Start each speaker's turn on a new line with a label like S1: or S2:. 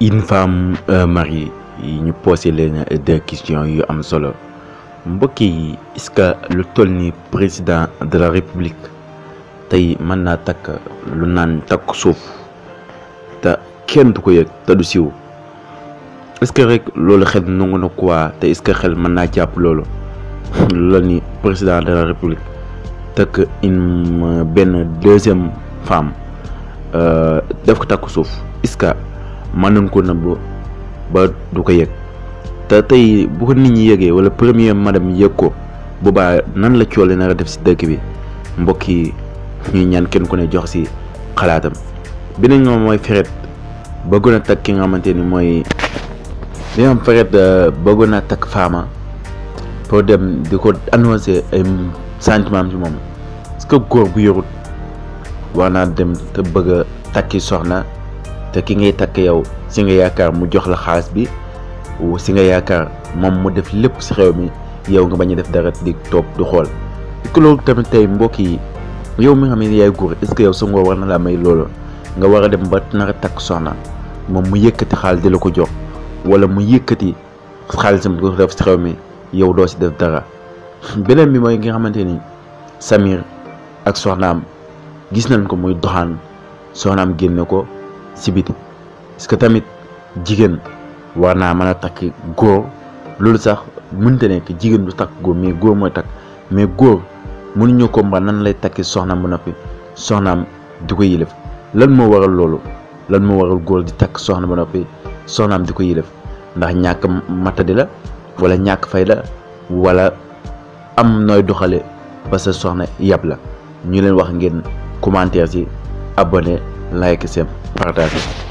S1: une femme un euh, yi ñu posé leen euh, deux questions yu am solo mbokk yi est-ce que lu toll ni président de la république tey mën naa takk lu naan takk suuf te kenn du ko yëg te du siw est-ce que rek loolu xel nangu na quoi te est xel mën naa jàpp loolu loolu ni président de la république takk une euh, benn deuxième femme def ko takk suuf iska man na ko na ba du ko yëg te tey bu ko nit ñi yëgee wala première madame yëg ko bu boobaa nan la coole nar a def si dëkk bi mbokk yi ñaan kenn ku ne jox si xalaatam beneen moom mooy feret bëggoon a takk ki nga xamante ni mooy li euh, bëggoon a takk faama pour dem di ko annoncé ay sentiment moom parce que góor bu yorut war naa dem te bëgg a takki soxna te ki ngay takk yow si nga yaakaar mu jox la xaalis bi si nga yaakaar moom mu def lépp si xew mi yow nga bañ def dara di toog du xool est-ce loolu tamit tey mbokk yi yow mi nga xam ne yaay góor est-ce que yow sa ngóor war na laa may loolu nga war a dem ba nar a takk soxna moom mu yëkkati xaalis di la ko jox wala mu yëkkati xaalisam di def ci xew mi yow doo si def dara beneen bi mooy nga xamante ni Samir ak soxnaam gis nañ ko muy doxaan soxnaam génne ko. si biti parce que tamit jigéen war naa mën a takk góor loolu sax mënta nekk jigéen du takk góor mais góor mooy takk mais góor mënuñu ko mba nan lay takki soxnaam bu noppi soxnaam di ko yilif lan moo waral loolu lan moo waral góor di takk soxna ba noppi soxnaam di ko yilif ndax ñàkk matadi la wala ñàkk fay la wala am nooy doxale ba sa soxna yàpp la ñu leen wax ngeen commentaire si abonné like seen partage